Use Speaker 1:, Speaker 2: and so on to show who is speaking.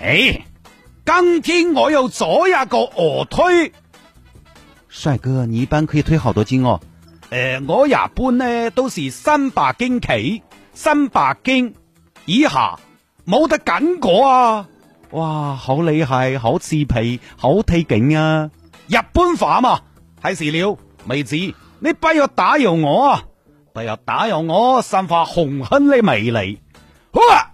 Speaker 1: 誒、哎，今天我又咗一個臥推，帥哥，你一般可以推好多斤哦？誒、呃，我一般呢都是三百斤企，三百斤以下冇得緊過啊！哇，好厲害，好似皮好睇勁啊！一般化嘛，係時了，妹子，你不要打擾我啊！不要打擾我，散發雄狠的魅力。啊